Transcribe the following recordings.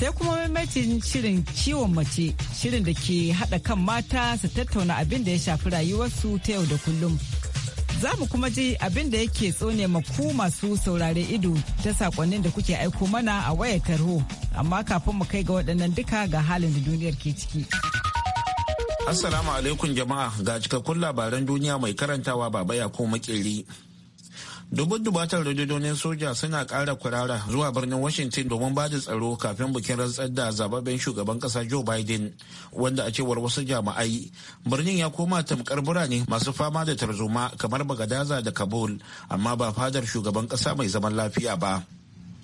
sai kuma maimaitin shirin ciwon mace shirin da ke haɗa kan mata su tattauna abin da ya shafi rayuwarsu ta yau da kullum za mu kuma ji abin da yake tsone maku masu saurare ido ta sakonnin da kuke aiko mana a wayar tarho amma kafin mu kai ga waɗannan duka ga halin da duniyar ke ciki assalamu alaikum jama'a ga cikakkun labaran duniya mai karantawa baba ya ko makeri dubun dubatar rundunonin soja suna kara kurara zuwa birnin washington domin ba da tsaro kafin bikin rantsar da zababen shugaban ƙasa joe biden wanda a cewar wasu jama'ai birnin ya koma tamkar birane masu fama da tarzoma kamar bagadaza da kabul amma ba fadar shugaban ƙasa mai zaman lafiya ba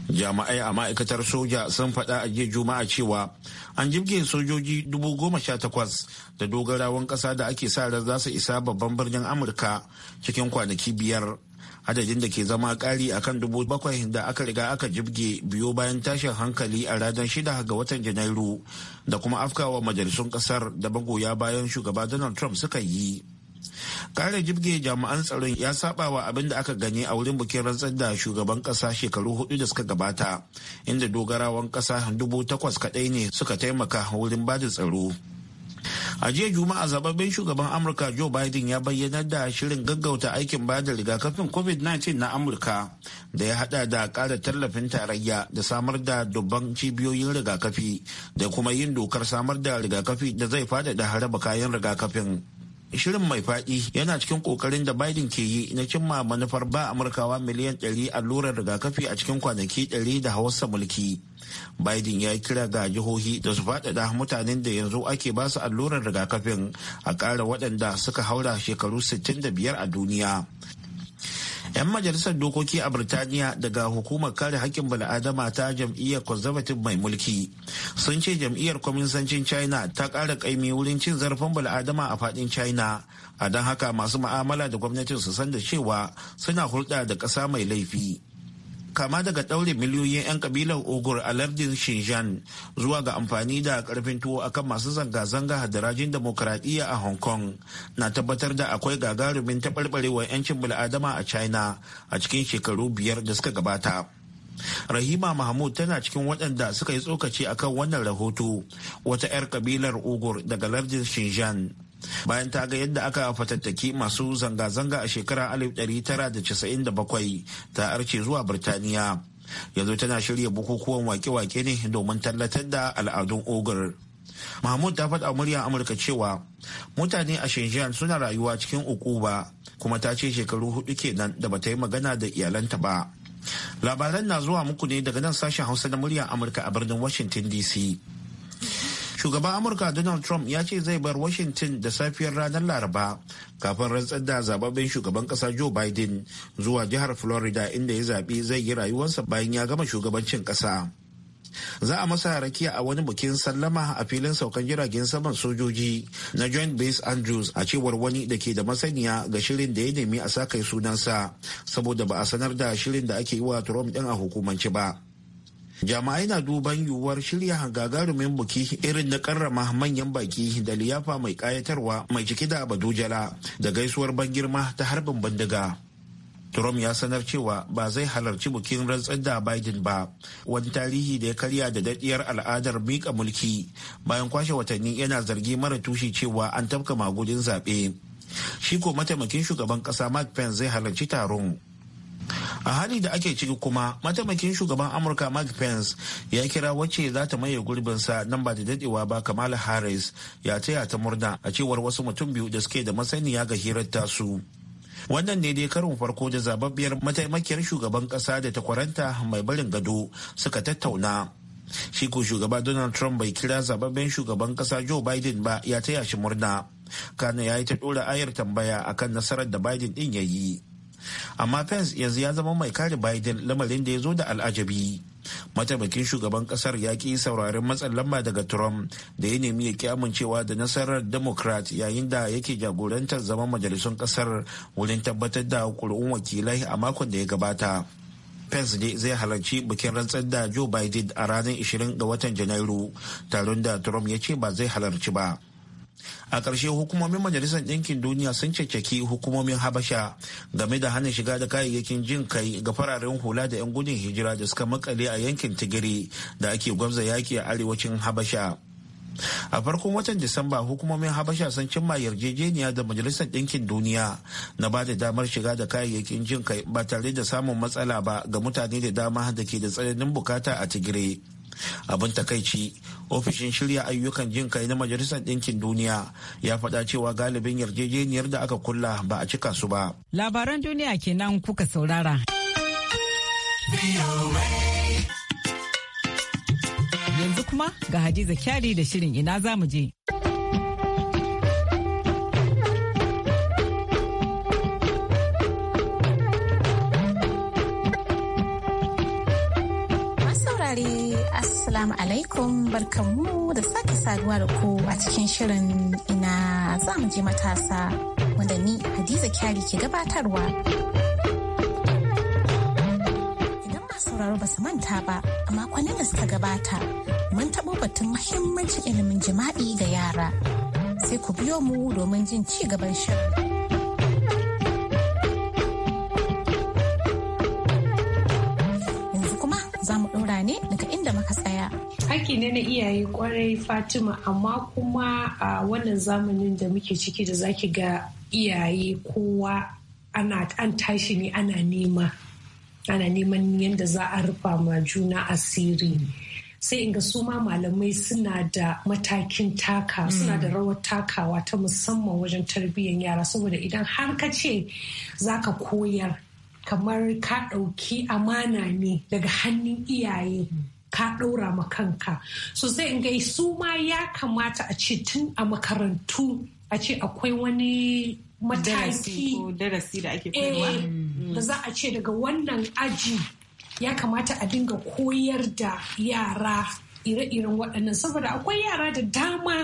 jama'ai a ma'aikatar soja sun faɗa a jiya juma'a cewa an jibge sojoji dubu goma sha takwas da dogarawan ƙasa da ake sa ran za su isa babban birnin amurka cikin kwanaki biyar adadin da ke zama kari a kan dubu bakwai da aka riga aka jibge biyo bayan tashin hankali a ranar shida ga watan janairu da kuma afkawa majalisun kasar da magoya bayan shugaba donald trump suka yi kare jibge jami'an tsaron ya saba wa abin da aka gani a wurin bikin rantsar da shugaban kasa shekaru hudu da suka gabata inda dogarawan kasa dubu takwas kadai ne suka taimaka wurin bada tsaro a jiya juma'a zababben shugaban amurka joe biden ya bayyanar da shirin gaggauta aikin da rigakafin covid-19 na amurka da ya hada da kara tallafin tarayya da samar da dubban cibiyoyin rigakafi da kuma yin dokar samar da rigakafi da zai da haraba kayan rigakafin shirin mai faɗi yana cikin ƙoƙarin da Biden ke yi na cimma manufar ba Amurkawa miliyan 100 allurar rigakafi a cikin kwanaki 100 da hawarsa mulki. Biden ya kira ga jihohi da su faɗaɗa mutanen da yanzu ake ba su allurar rigakafin a ƙara waɗanda suka haura shekaru 65 a duniya. 'Yan majalisar dokoki a Birtaniya daga hukumar kare hakkin bala'adama ta jam'iyyar conservative mai mulki sun ce jam'iyyar kwaminsancin China ta ƙara ƙaimi wurin cin zarafin bala'adama a fadin China. A don haka masu ma'amala da gwamnatin su san da cewa suna hulɗa da ƙasa mai laifi. kama daga ɗaure miliyoyin 'yan kabilar ogur a lardin Xinjiang zuwa ga amfani da karfin tuwo akan masu zanga-zanga hadarajin demokuraɗiyya a Hong Kong na tabbatar da akwai gagarumin taɓarɓarewar 'yancin bil'adama a China a cikin shekaru biyar da suka gabata. Rahima Mahmud tana cikin waɗanda suka yi tsokaci akan wannan rahoto wata 'yar kabilar Ugur daga lardin Xinjiang. bayan ta ga yadda aka fatattaki masu zanga-zanga a shekarar 1997 ta arce zuwa birtaniya yanzu tana shirya bukukuwan wake-wake ne domin tallatar da al'adun ogar mahmud ta faɗa muryar amurka cewa mutane a shenzhen suna rayuwa cikin ukuba kuma ta ce shekaru hudu kenan da bata yi magana da iyalanta ba labaran na zuwa muku ne daga nan sashen hausa na muryar amurka a birnin washington dc shugaban amurka donald trump ya ce zai bar washington da safiyar ranar laraba kafin rantsar da zababben shugaban kasa joe biden zuwa jihar florida inda ya zaɓi zai yi rayuwarsa bayan ya gama shugabancin kasa za a masa rakiya a wani bikin sallama a filin saukan jiragen saman sojoji na joint base andrews a cewar wani da ke da masaniya ga shirin da ya nemi a sa kai sunansa saboda ba a sanar da shirin da ake yi wa trump din a hukumance ba jama'ai na duban yiwuwar shirya gagarumin buki irin na karrama manyan baki da liyafa mai kayatarwa mai ciki da jala da gaisuwar ban girma ta harbin bindiga Trump ya sanar cewa ba zai halarci bukin rantsar da Biden ba, wani tarihi da ya karya da daɗiyar al'adar miƙa mulki bayan kwashe watanni yana zargi mara tushe cewa an tafka magudin zaɓe. Shi ko mataimakin shugaban ƙasa Mark Pence zai halarci taron. a hali da ake ciki kuma mataimakin shugaban amurka mike pence ya kira wacce za ta maye gurbinsa nan ba da dadewa ba Kamal harris ya taya ta murna a cewar wasu mutum biyu da suke da masaniya ga hirar tasu wannan ne dai karin farko da zababbiyar mataimakiyar shugaban kasa da takwaranta mai barin gado suka tattauna shi ko shugaba donald trump bai kira zababben shugaban kasa joe biden ba ya taya shi murna kana ya yi ta dora ayar tambaya akan nasarar da biden din ya yi amma pence yanzu ya zama mai kare biden lamarin da ya zo da al'ajabi mataimakin shugaban kasar ya ki saurarin matsan lamba daga trump da ya nemi ya ki amincewa da nasarar democrat yayin da yake jagorantar zaman majalisun kasar wurin tabbatar da kuri'un wakilai a makon da ya gabata Pence ne zai halarci bikin rantsar da Joe Biden a ranar 20 ga watan Janairu, taron da Trump ya ce ba zai halarci ba. a ƙarshe hukumomin majalisar ɗinkin duniya sun caccaki hukumomin habasha game da hana shiga da kayayyakin jin kai ga fararen hula da 'yan gudun hijira da suka makale a yankin tigiri da ake gwamza yaki a arewacin habasha a farkon watan disamba hukumomin habasha sun cimma yarjejeniya da majalisar ɗinkin duniya na ba da damar shiga da kayayyakin jin kai ba tare da samun matsala ba ga mutane da dama da ke da tsananin bukata a tigire abin takaici ofishin shirya ayyukan jin kai na majalisar ɗinkin duniya ya faɗa cewa galibin yarjejeniyar da aka kulla ba a cika su ba labaran duniya kenan kuka saurara yanzu kuma ga hadiza kyari da shirin ina za mu je Assalamu alaikum barkanmu da sake saduwa da ku a cikin shirin ina za mu je matasa wanda ni Hadiza Kyari ke gabatarwa. Idan masu sauraro ba su manta ba a makonnin da suka gabata mun taɓo batun mahimmanci ilimin jima'i ga yara. Sai ku biyo mu domin jin ci gaban shirin. na iyaye kwarai fatima amma kuma a wannan zamanin da muke ciki da zaki ga iyaye kowa ana an tashi ne ana nema ana neman yadda za a rufa ma juna asiri sai inga su ma malamai suna da matakin taka suna da mm. rawar takawa ta musamman wajen tarbiyyar yara saboda idan har ka ce za ka koyar kamar ka ɗauki amana ne daga hannun iyaye mm. ka ɗaura ma kanka so sai in gai eh, su ma ya kamata a ce tun a makarantu a ce akwai wani mataki darasi da ake eh, koyarwa da za a ce daga wannan aji ya kamata a dinga koyar da yara ire-iren waɗannan saboda akwai yara da dama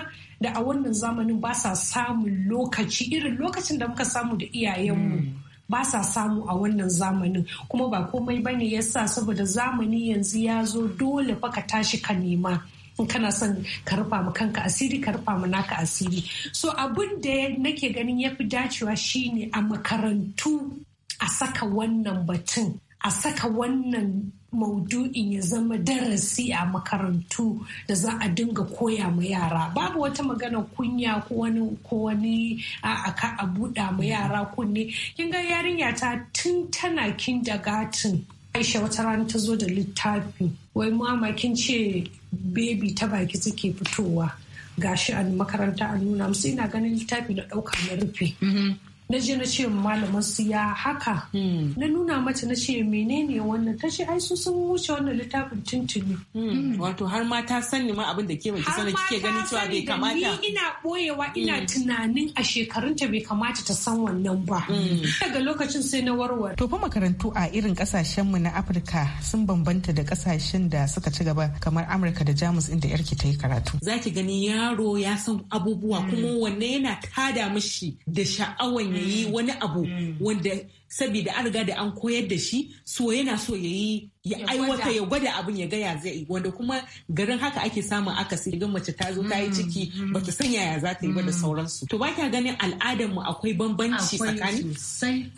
da a wannan zamanin ba sa samun lokaci irin lokacin da muka samu da iyayenmu. Hmm. ba sa samu a wannan zamanin kuma ba komai ba bane yasa saboda zamani yanzu ya zo dole fa ka tashi ka nema in kana son ka rufa mu kanka asiri ka rufa mu naka asiri so abin da nake ganin ya fi dacewa shine a makarantu a saka wannan batun a saka wannan maudu'in ya zama darasi a makarantu da za a dinga koya ma yara babu wata magana kunya ko wani ko wani aka ka a buɗa ma yara kunne kin ga yarinya ta tun tana kin gatin Aisha wata rana ta zo da littafi wai mama kin ce bebi ta baki suke fitowa gashi a makaranta a nuna musu ina ganin littafi na ɗauka na rufe mm-hmm. na je na ce malamin su ya haka hmm. na nuna mata na ce menene wannan ta ce ai su sun wuce wannan littafin tuntuni hmm. Hmm. wato har ma ta sani ma abin da ke mace sanar kike ganin cewa bai kamata ni ina boyewa ina tunanin a shekarun ta bai kamata ta san wannan ba daga lokacin sai na warware to fa makarantu a irin kasashen mu na Afirka sun bambanta da kasashen da suka ci gaba kamar Amurka da Jamus inda yarki ta yi karatu zaki gani yaro ya san abubuwa kuma wanne yana tada mishi da sha'awan ya yi mm. wani abu mm. wanda saboda an riga da an koyar da shi so yana so ya yi ya aiwata ya gwada abin ya gaya zai yi wanda kuma garin haka ake samun akasi idan mace ta zo ta yi mm. ciki bata san yaya za ta yi ba da sauransu to ba kya ganin al'adar mu akwai bambanci tsakani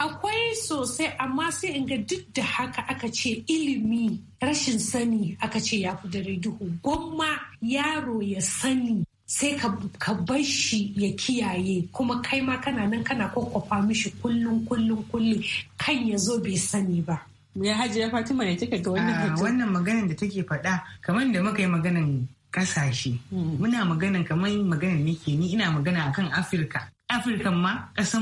akwai sosai amma sai in ga duk da haka aka ce ilimi rashin sani aka ce ya fi dare duhu gwamma yaro ya sani sai ka bar shi ya kiyaye kuma kai ma kana nan kana kwakwafa mishi kullum kullum kullum kan ya zo bai sani ba ya hajiya fatima ya kika ga wannan ah, wannan maganar da take faɗa kamar da muka yi maganan kasashe hmm. muna maganan kamar maganar nake ni ina magana akan afirka afirka ma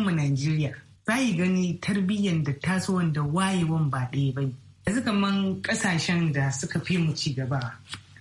mu najeriya za gani tarbiyyar da taso da wayewan ba ɗaya ba yanzu kaman ƙasashen da suka fi mu ci gaba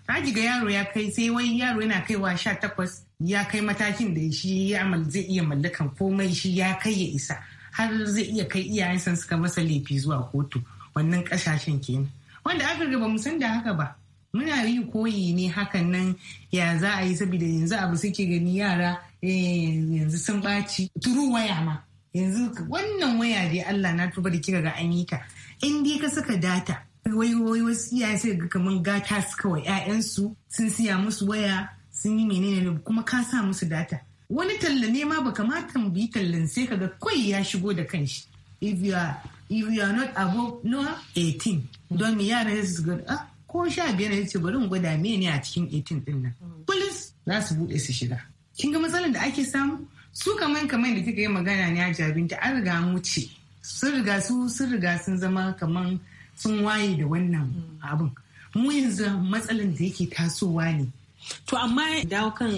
Haji ga yaro ya kai sai wai yaro yana kaiwa sha takwas ya kai matakin da shi ya amal zai iya mallakan komai shi ya kai ya isa har zai iya kai iyayensa suka masa laifi zuwa kotu wannan kasashen kenan wanda aka ba mu san da haka ba muna yi koyi ne hakan nan ya za a yi saboda yanzu abu suke gani yara eh, yanzu sun ɓaci turu waya ma yanzu wannan waya dai Allah na tuba da kika ga an yi ka in dai ka saka data wai wasu iyaye sai ga kaman gata su kawai ƴaƴansu sun siya musu waya sun yi menene kuma ka sa musu data wani talla ne ma ba kamata mu bi tallan sai kaga kai ya shigo da kanshi if you are if you are not above no 18 don yara yara su ga ah ko sha biyar ne ce bari mu gwada mene a cikin 18 din nan mm. police za su bude su shiga kin ga matsalar da ake samu su kaman kaman da kika yi magana ne a jabinta an riga an wuce sun riga su sun riga sun zama kaman sun waye da wannan mm. abin mu yanzu matsalan da yake tasowa ne To amma dawo kan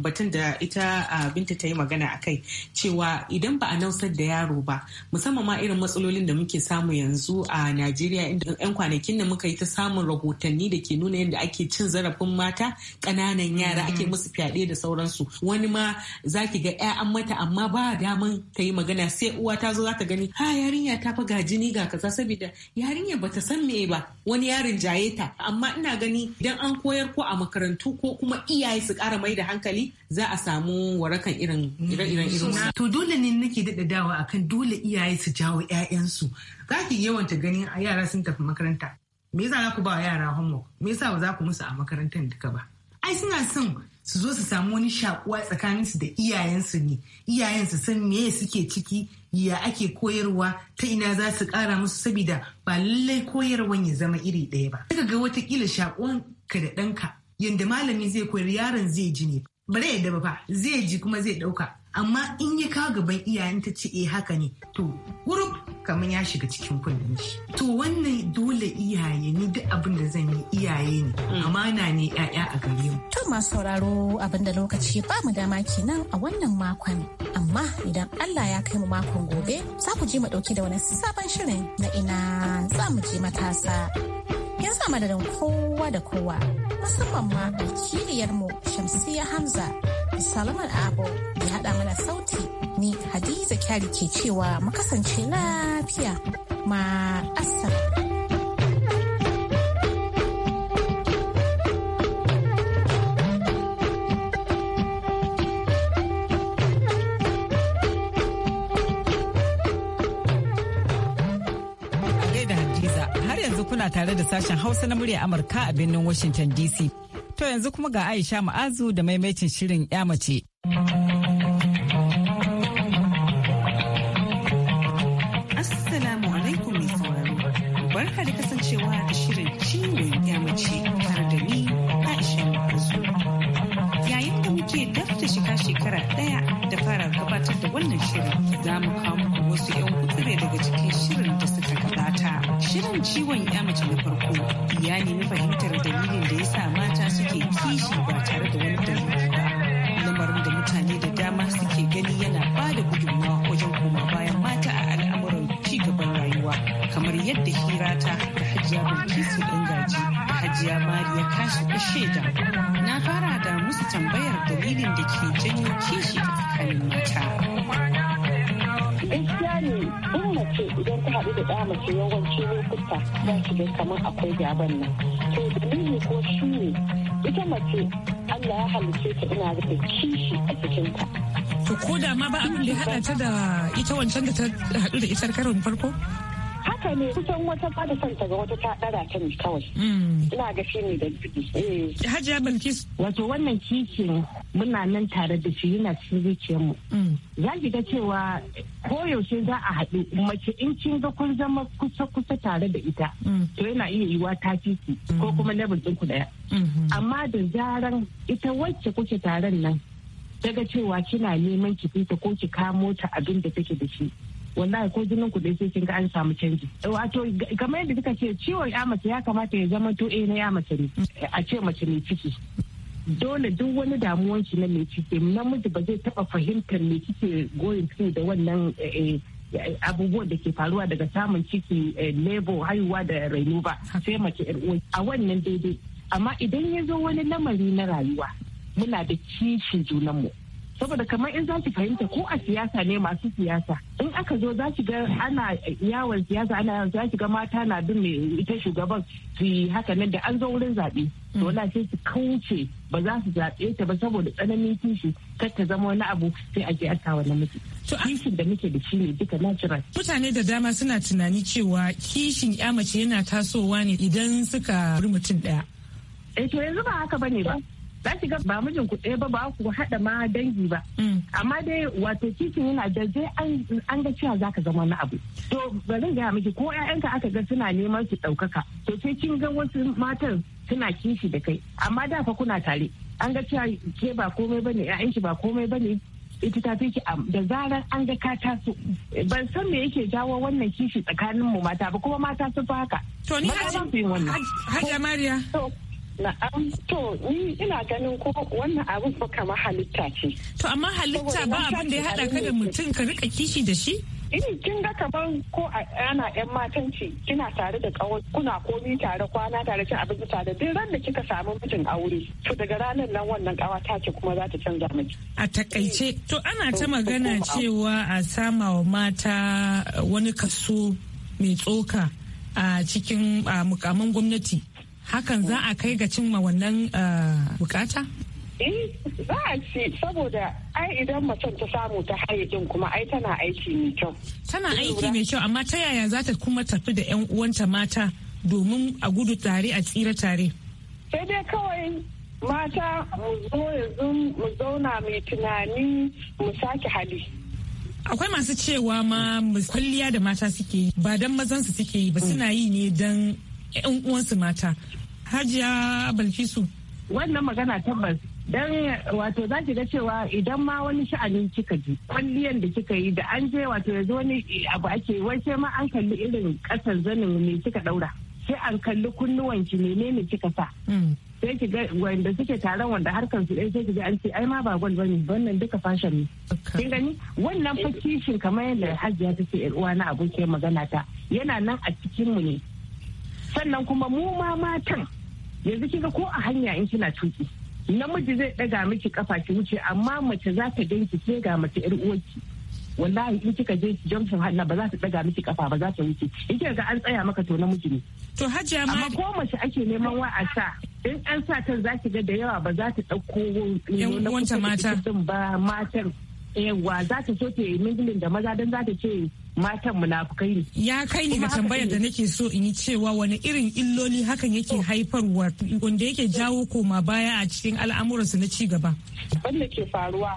batun da ita binta ta yi magana a kai cewa idan ba a nausar da yaro ba musamman ma irin matsalolin da muke samu yanzu a Najeriya inda 'yan kwanakin da muka yi ta samun rahotanni da ke nuna yadda ake cin zarafin mata ƙananan yara ake mm-hmm. musu fyaɗe da sauransu wani ma za ki ga 'ya'an mata amma ba daman ta yi magana sai uwa ta zo za gani ha yarinya ta fa ga jini ga kaza saboda yarinya bata san me ba wani yarin jaye ta amma ina gani idan an koyar ko a makarantu ko kuma iyaye su ƙara mai da hankali za a samu warakan irin irin irin to dole ne nake daɗa dawa akan dole iyaye su jawo ƴaƴansu za ki yawanta ganin a yara sun tafi makaranta me yasa za ku ba yara homework me yasa ba za ku musu a makarantar duka ba ai suna son su zo su samu wani shakuwa tsakaninsu da iyayensu ne iyayen su san me suke ciki ya ake koyarwa ta ina za su kara musu saboda ba lallai koyarwan ya zama iri ɗaya ba. Daga ga watakila shakuwan ka da ɗanka yadda malami zai koyar yaron zai ji ne bare yadda ba zai ji kuma zai dauka amma in ya kawo gaban iyayen ta ce eh haka ne to gurup kamar ya shiga cikin kullum shi to wannan dole iyaye ni duk abin da zan yi iyaye ne mm. amana ne yaya a gare mu to masu sauraro abin da lokaci ba mu dama kenan a wannan makon amma idan Allah ya kai mu makon gobe za ku je mu ɗauki da wani sabon shirin na ina za mu je matasa yanzu a madadin kowa da kowa musamman ma mu Shamsiyya hamza salman abu ya haɗa mana sauti ni hadiza kyari ke cewa mu kasance lafiya ma Ana tare da sashen Hausa na murya Amurka a birnin Washington DC. To yanzu kuma ga Aisha Ma'azu da maimaitin shirin 'ya mace. Assalamu alaikum mai da kasancewa da shirin ciwon 'ya mace tare da ni Aisha Ma'azu. Yayin da muke dafta shiga shekara ɗaya da fara gabatar da wannan shirin za mu kawo 欢迎。fata za ki ga kamar akwai gaban nan to ne ko shi ne ita mace Allah ya halice ta ina da kishi a cikin to ko da ma ba a da ya ta da ita wancan da ta hadu da ita karon farko haka ne kusan wata ba da son ta ga wata ta dara ta ne kawai mm. ina ga shi ne da eh. hajiya bilkis wato wannan kicin muna nan tare da shi yana cikin zuciyar mu mm. za ki ga cewa koyaushe za a haɗu mace in kin ga kun zama kusa kusa tare da ita mm. to yana iya yiwa ta ciki. ko kuma level ɗinku ɗaya mm-hmm. amma da zaran ita wacce kuke taron nan daga cewa kina neman ki fita ko ki kamo ta abin da take da shi wallahi ko jinin kuɗi sai kin ga an samu canji wato kamar yadda kika ce ciwon ya mace ya kamata ya zama to eh na ya mace ne a ce mace mai ciki dole duk wani damuwan shi na mai ciki namiji ba zai taba fahimtar me kike goyin ciki da wannan eh, eh, abubuwan da ke faruwa daga samun ciki eh, lebo haihuwa da rainu ba sai mace uwa a wannan daidai amma idan ya zo wani lamari na rayuwa muna da kishin junanmu saboda kamar in zaki fahimta ko a siyasa ne masu siyasa in aka zo za ga ana yawon siyasa ana yawon za ga mata na bin mai ita shugaban su yi haka nan da an zo wurin zaɓe to na mm. sai su kauce ba za su zaɓe ta ba saboda tsananin kishi kar ta zama wani abu sai a je a wani miji kishin da muke da shi ne duka natural mutane da dama suna tunani cewa kishin ya mace yana tasowa ne idan suka mutum ɗaya. Eh to yanzu ba haka bane ba. za ki ga ba mijin ku ɗaya ba ba ku haɗa ma dangi ba mm. amma dai wato titin yana da zai an ga cewa zaka zama wani abu to bari gaya miki ko ƴaƴanka aka ga suna neman su ɗaukaka to sai kin ga wasu matan suna kishi da kai amma da fa kuna tare an ga cewa ke ba komai bane ƴaƴan shi ba komai bane ita ta fi da zarar an ga ka taso ban san me yake jawo wannan kishi tsakanin mu mata ba kuma mata sun fi haka to ni hajja mariya Na'am to ni ina ganin ko wannan abin fa kama halitta ce. To amma halitta ba abin da ya haɗa ka da mutum ka rika kishi da shi? in eh, kin ga kamar ko ana yan matanci kina tare da kawai kuna komi tare kwana tare cin abinci tare duk ran da kika samu mijin aure to daga ranar nan wannan kawa ta ce kuma za ta canza miki a takaice eh. to ana ta magana cewa a sama wa mata wani kaso mai tsoka a cikin mukamin gwamnati hakan za a kai ga cimma wannan eh, bukata? Eh, za a ce saboda ai idan macen ta samu ta hayyacin kuma ai tana aiki mai kyau. Tana aiki mai kyau amma ta yaya za ta kuma tafi da 'yan uwanta mata domin a gudu tare a tsira tare? Sai dai kawai mata mu zo yanzu mu zauna mai tunani mu sake hali. akwai masu cewa ma kwalliya da mata suke ba don mazansu suke yi ba suna yi ne don 'yan uwansu mata hajiya balkisu wannan magana tabbas dan wato za ki ga cewa idan ma wani sha'anin kika ji kwalliyan da kika yi da an je wato yanzu wani abu ake wai sai ma an kalli irin kasan zanin ne kika daura sai an kalli ne menene kika sa hmm. sai ki ga wanda suke taron wanda harkar su ɗaya sai ki ga an ce ai ma ba gwal bane wannan duka fashion ne kin gani wannan fakishin kamar yadda Hajiya ta ce uwa na abokiyar magana ta yana nan a cikin mu ne sannan kuma mu ma matan yanzu kika ko a hanya in kina tuki namiji zai daga miki kafa ki wuce amma mace za ta danki ke ga mace yar uwarki wallahi in kika je jamshin hannu ba za ta daga miki kafa ba za ta wuce in kika ga an tsaya maka to namiji ne to hajiya ma amma ko mace ake neman wa a sa in an sa ta za ki ga da yawa ba za ta dauko yan uwanta mata ba matar yawa za ta so ta yi mingilin da maza don za ta ce matan munafukai ne. Ya kai ni ga tambayar da nake so in yi cewa wani irin illoli hakan yake haifarwa wanda yake jawo koma baya a cikin al'amuransu na ci gaba. Wanda ke faruwa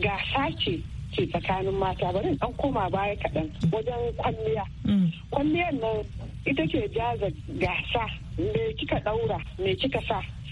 ga sace ke tsakanin mata bari dan koma baya kaɗan wajen kwalliya. Mm. Kwalliyar nan ita ke jaza gasa me kika ɗaura me kika sa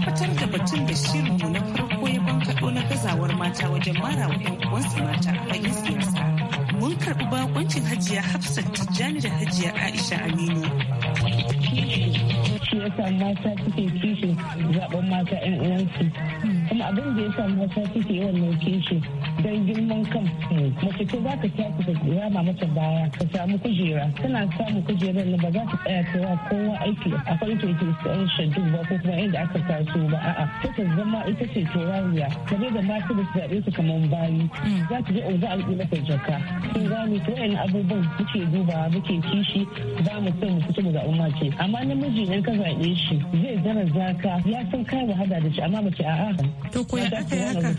fitar da batun da shirinmu na farko ya bankaɗo na gazawar mata wajen mara wa 'yan uwansu mata a fagen siyasa. Mun karɓi bakoncin hajiya Hafsat Tijjani da hajiya Aisha Aminu. Shi yasa mata suke kishin zaɓen mata 'yan uwansu. Kuma abin da yasa mata suke yawan kishin don girman kan mace ce za ka tashi ka ma mata baya ka samu kujera tana samu kujerar na ba za ta tsaya cewa kowa aiki a farko yake tsayin shaddu ba ko kuma inda aka taso ba a'a ta zama ita ce turariya ta bai da mata da zaɓe su kamar bayi hmm. za ta je za al'umma ta jaka sun gani ko yan abubuwan muke duba muke kishi ba mu son mu fito mu zaɓi ce. amma namiji in ka zaɓe shi zai zara zaka ya san kai wahala da shi amma mace a'a. To ko ya aka yi haka?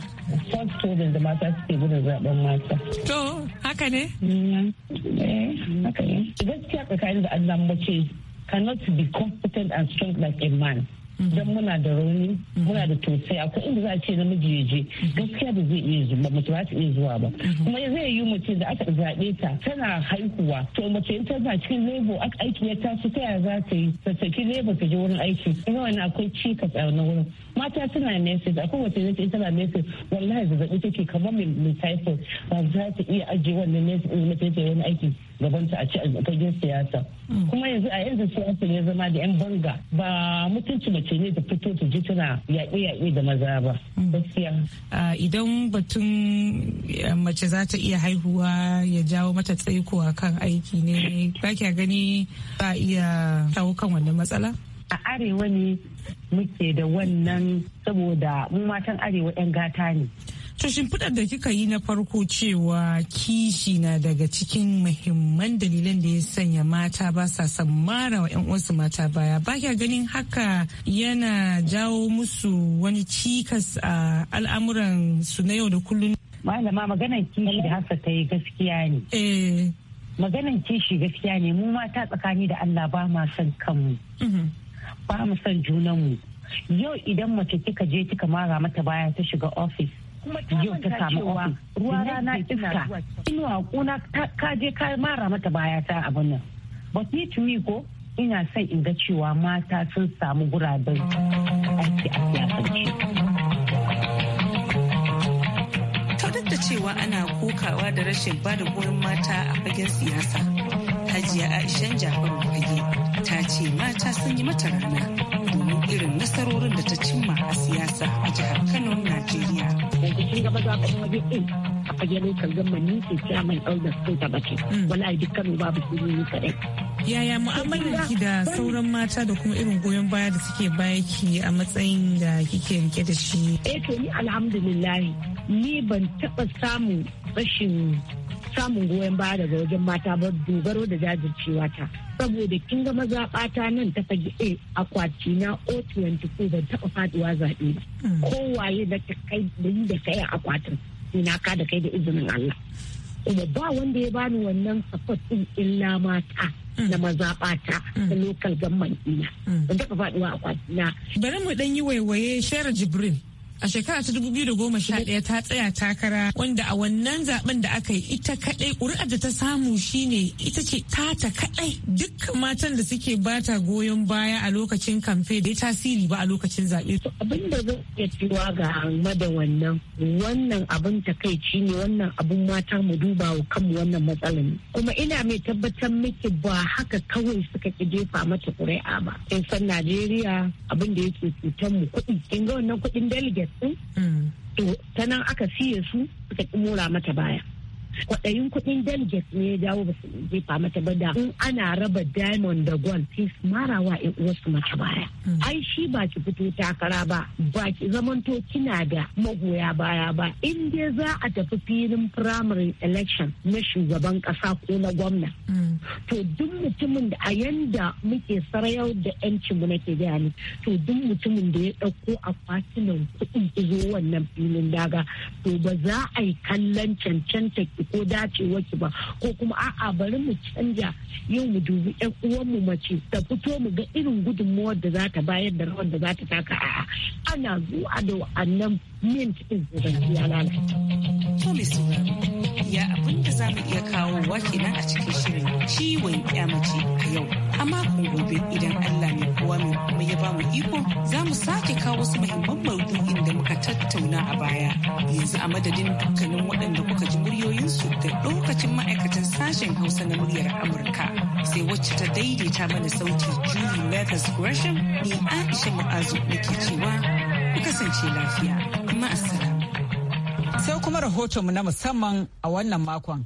da mata mata suke gudun zaben mata. To, haka ne? Mm, eh, haka ne. Gaskiya tsakanin da Allah mace cannot be competent and strong like a man. Mhm. Don muna da rauni, mhm. muna da tosai, akwai inda za a ce namiji ya je, gaskiya da zai iya zuwa, mace ba ta iya zuwa ba. Mhm. Kuma zai yi mace da aka zaɓe ta tana haihuwa, to mace in tana cikin lebo aka aiki ya taso ta yaya za ta yi, ta saki lebo ta je wurin aiki. Ina wani akwai cikas a wani wurin. mata suna menses a kowace zai ita na menses wallahi zazzabi take kamar mai typhoid ba za ta iya ajiye wannan nesa in eh, mace ta wani aiki gaban ta a ci fagen siyasa mm. kuma yanzu a yanzu siyasa ya zama da yan banga ba mutunci mace ne ta fito ta ji tana yaƙe-yaƙe da maza ba mm. gaskiya idan batun eh, mace za ta iya haihuwa ya jawo mata tsaiko kan aiki ne ba gani ba iya kawo kan wannan matsala a arewa ne muke da wannan saboda mu matan arewa 'yan gata ne. To shimfiɗar da kika yi na farko cewa kishi na daga cikin muhimman dalilan da ya sanya mata ba sa son wa 'yan uwansu mata baya. Ba kya ganin haka yana jawo musu wani cikas a al'amuran su na yau da kullum. Malama maganar kishi da haka ta yi gaskiya ne. Eh. Maganar kishi gaskiya ne mu mata tsakani da Allah ba ma son kanmu. Mhm. ba mu son junanmu yau idan mace kika je kika mara mata baya ta shiga ofis yau ta samu ofis ruwa rana iska inuwa kuna ka je ka mara mata baya ta abin nan but ni to me ko ina son in ga cewa mata sun samu guraben aiki a siyasance. da cewa ana kokawa da rashin bada goyon mata a fagen siyasa. Hajiya Aishan Jafaru Fage ta ce mata sun yi mata rana domin irin nasarorin da ta cimma a siyasa a jihar Kano, Najeriya. a eh, fagen kan gama ni ke mai sun taba ce wala babu su ni kaɗai yaya mu'amalar ki da sauran mata da kuma irin goyon baya da suke baya ki a matsayin da kike rike da shi eh to ni alhamdulillah ni ban taɓa samun rashin samun goyon baya daga wajen mata ba dogaro da jajircewa ta saboda kin ga maza bata nan ta fage a eh, akwati na o24 ban taɓa faduwa zaɓe hmm. kowaye da ta kai da yi da kai a akwatin ina ka da kai da izinin Allah kuma ba wanda ya bani wannan support din illa mata hmm. na mazaɓata da hmm. local government ina ban taba faduwa na bari mu dan yi waiwaye Shara Jibril a shekara ta 2011 ta tsaya takara wanda a wannan zaben da aka yi ita kadai ƙuri'ar da ta samu shine ita ce ta ta kadai duk matan da suke bata goyon baya a lokacin kamfe da tasiri ba a lokacin zaɓe. abin da zan iya cewa ga amma da wannan wannan abin takaici ne wannan abin mata mu duba wa kanmu wannan matsalan kuma ina mai tabbatar miki ba haka kawai suka ki jefa mata ƙuri'a ba. san Najeriya abin da yake cutar mu kuɗi kin ga wannan kuɗin delegate su mm. ta nan aka siye su suka mora mata baya kwaɗayin kuɗin delegates ne ya dawo ba su jefa mata ba da in ana raba diamond da gold sai su wa ƴan uwarsu mata baya hmm. ai shi ba ki fito takara ba ba ki zamanto kina da magoya baya ba in dai za a tafi filin primary election na shugaban ƙasa ko na gwamna hmm. to duk mutumin da a yanda muke sarayau da mu nake gaya ni to duk mutumin da ya ɗauko akwatinan kuɗi zo wannan filin daga to ba za a yi kallon cancanta ki ko dacewarsu ba ko kuma a'a bari mu canja yau mu dubi yan uwanmu mace ta fito mu ga irin gudunmuwar da za ta bayar da rawar da za ta taka a'a ana zuwa da wa'annan mint cikin zan ya lalata. To ya abin da za mu iya kawo wake na a cikin shirin ciwon mace a yau. A makon gobe idan Allah mai kowa mai kuma ya ba mu iko za mu sake kawo wasu mahimman maudu'in da muka tattauna a baya. Yanzu a madadin dukkanin waɗanda kuka ji muryoyinsu da lokacin ma'aikatan sashen Hausa na muryar Amurka. sai wacce ta daidaita mana sauti Julie Leathers Gresham ni Aisha maazu nake cewa kasance lafiya kuma Sai kuma rahotonmu na musamman a wannan makon.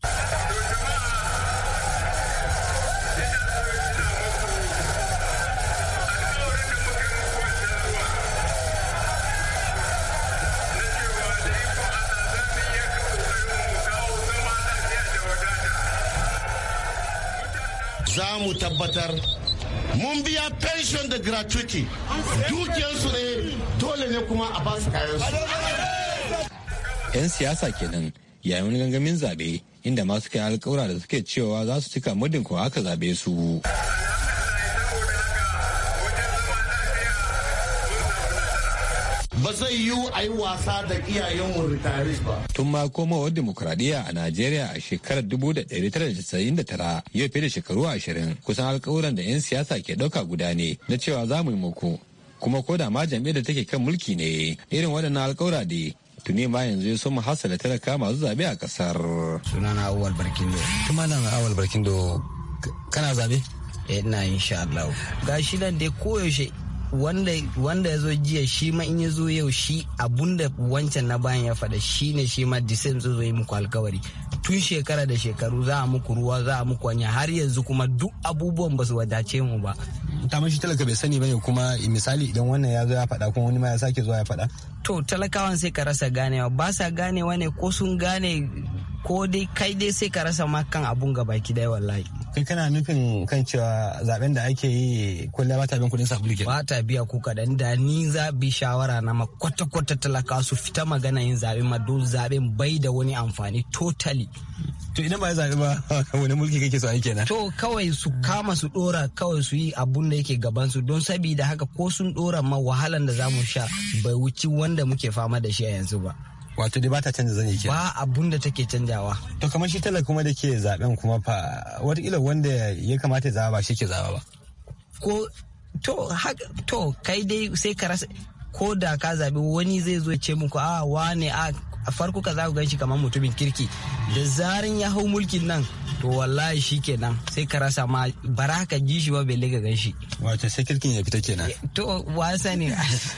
za mu tabbatar mun biya pension da gratuity dukiyarsu ne dole ne kuma a basu kayansu. 'yan siyasa kenan yayin gangamin zabe inda masu kai alkawura da suke cewa za su cika muddin ko aka zabe su. zai yiwu a yi wasa da iyayen retirees ba. Tun ma komawar demokuraɗiyya a Najeriya a shekarar 1999 yau fi da shekaru ashirin kusan alkawuran da 'yan siyasa ke ɗauka guda ne na cewa za mu yi muku. Kuma ko da ma jam'iyyar da take kan mulki ne irin waɗannan alkawura da tuni ma yanzu ya soma hasala talaka masu zabe a kasar. Sunana Awal Barkindo. Tuma na Awal Barkindo kana zabe? Eh ina insha Allah. Gashi nan dai koyaushe wanda wanda ya zo jiya shi ma in ya zo yau shi abunda wancan na bayan ya faɗa shi ne shi ma the same zo yi muku alkawari tun shekara da shekaru za a muku ruwa za a muku wanya har yanzu kuma duk abubuwan ba su wadace mu ba ta shi talaka bai sani bane kuma misali idan wannan ya zo ya faɗa kuma wani ma ya sake zuwa ya faɗa to talakawan sai ka rasa ganewa ba sa ganewa ne ko sun gane ko dai kai dai sai ka rasa ma kan abun ga baki dai wallahi kai kana nufin kan cewa zaben da ake yi kullum ba ta biyan kudin sabulu kenan ba ta biya ku kadan da ni za bi shawara na ma kwata kwata talaka su fita magana yin zabe ma don zaben bai da wani amfani totally to idan ba ya zabe ba wani mulki kake so ai kenan to kawai su kama su dora kawai su yi abun da yake gaban su don sabida haka ko sun dora ma wahalan da zamu sha bai wuci wanda muke fama da shi a yanzu ba wato dai ba ta canza zani ke ba abun da take canjawa to kamar shi tala kuma da ke zaben kuma fa watakila wanda ya kamata ya zaba ba shi ke zaba ba ko to to kai dai sai ka rasa ko da ka zabi wani zai zo ce muku a ah, wane a ah, a farko ka za ku ganshi kamar mutumin kirki da zarin ya hau mulkin nan to wallahi shi kenan sai ka rasa ma bara ka ji shi ba bai liga ganshi wato sai kirkin ya fita kenan to wasa ne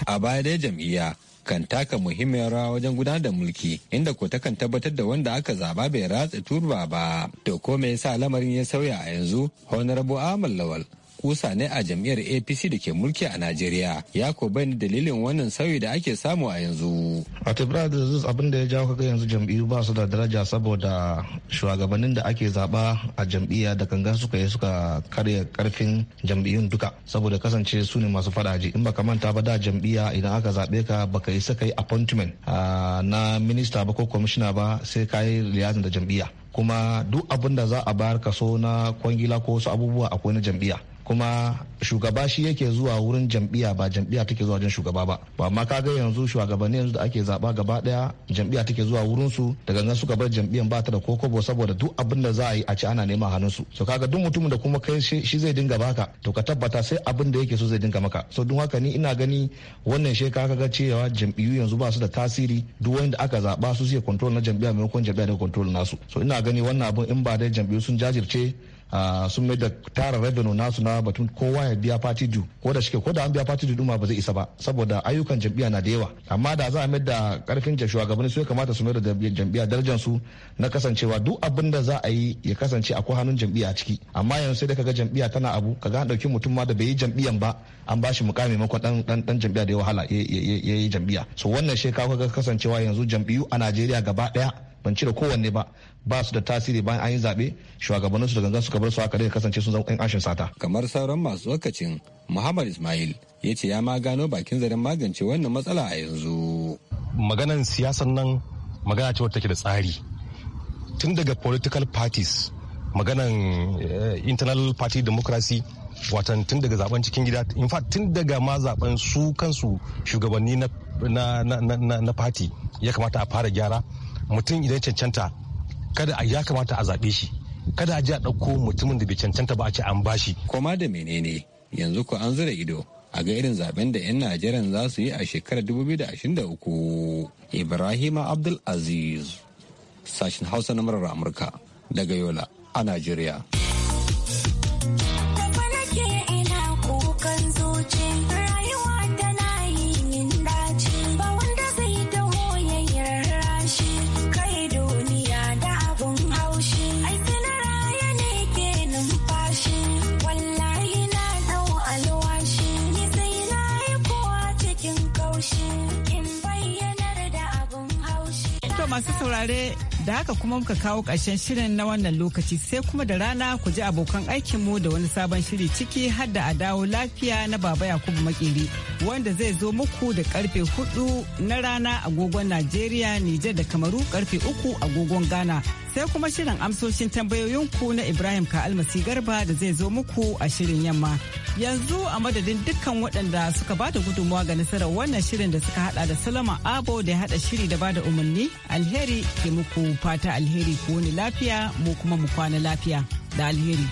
a baya dai jam'iyya kan taka muhimmiyar rawa wajen gudanar da mulki inda ko takan tabbatar da wanda aka zaba bai ratsa turba ba to ko me yasa lamarin ya sauya a yanzu honorable amal lawal kusa ne a jam'iyyar apc da ke mulki a najeriya ya ko bani dalilin wannan sauyi da ake samu a yanzu a tebra da zuz abin ya jawo kaga yanzu jam'iyyu ba su da daraja saboda shugabannin da ake zaba a jam'iyya da kanga suka yi suka karya karfin jam'iyyun duka saboda kasance su ne masu fadaji in baka manta ba da jam'iyya idan aka zabe ka baka yi kai appointment ah, na minista ba ko kwamishina ba sai ka yi liyazin da jam'iyya kuma duk abin za a bayar kaso na kwangila ko wasu abubuwa akwai na jam'iyya kuma shugaba shi yake zuwa wurin jam'iyya ba jam'iyya take zuwa wajen shugaba ba ba amma kaga yanzu shugabanni yanzu da ake zaba gaba daya jam'iyya take zuwa wurin su daga nan suka bar jam'iyyan ba ta da kokobo saboda duk abin da za a yi a ci ana neman hannun su to kaga duk mutumin da kuma kai shi zai dinga baka to ka tabbata sai abin da yake so zai dinga maka so don haka ni ina gani wannan shekara kaga cewa jam'iyyu yanzu ba su da tasiri duk wanda aka zaba su suke control na jam'iyya maimakon jam'iyya da control nasu so ina gani wannan abin in ba dai jam'iyyu sun jajirce Ah, sun mai da tara revenue nasu na batun kowa ya biya party due ko da shike ko da an biya party due ma ba zai isa ba saboda ayyukan jam'iyya na da yawa amma da za a mai da karfin shugabanni su ya kamata su mai da jam'iyya darajar su na kasancewa duk abin da za a yi ya kasance akwai hannun jam'iyya a ciki amma yanzu sai da kaga jam'iyya tana abu kaga an dauki mutum ma da bai yi jam'iyyan ba an bashi mukami maimakon dan dan dan jam'iyya da yawa wahala ya yi jam'iyya so wannan shekaru kaga kasancewa yanzu jam'iyyu a Najeriya gaba daya ban cire kowanne ba ba su da tasiri bayan an yi zaɓe shugabanninsu da gangan suka bar su haka dai kasance sun zama yan ashin sata. kamar sauran masu lokacin muhammad ismail ya ce ya ma gano bakin zaren magance wannan matsala a yanzu. maganan siyasan nan magana ce wata take da tsari tun daga political parties maganan eh, internal party democracy watan tun daga zaben cikin gida in fact tun daga ma zaben su kansu shugabanni na na party ya kamata a fara gyara mutum idan cancanta kada a ya kamata a zaɓe shi kada a ji a ɗauko mutumin da bai cancanta ba a ce an bashi. Koma da menene yanzu ko an zura ido a ga irin zaben da 'yan Najeriya za su yi a shekarar 2023. Ibrahima Abdul Aziz, sashen Hausa na murar Amurka daga Yola a Najeriya. masu saurare Da haka kuma muka kawo ƙarshen shirin na wannan lokaci sai kuma da rana ku ji abokan aikinmu da wani sabon shiri ciki har da a dawo lafiya na Baba Yakubu Makeri wanda zai zo muku da karfe hudu na rana agogon Najeriya, Nijar da Kamaru karfe uku agogon Ghana. Sai kuma shirin amsoshin tambayoyinku na Ibrahim Ka'almasi Garba da zai zo muku a shirin yamma. Yanzu a madadin dukkan waɗanda suka ba da gudunmawa ga nasarar wannan shirin da suka hada da Salama Abo da ya hada shiri da ba da umarni alheri ke muku fata alheri ku wani lafiya mu kuma mu kwana lafiya da alheri.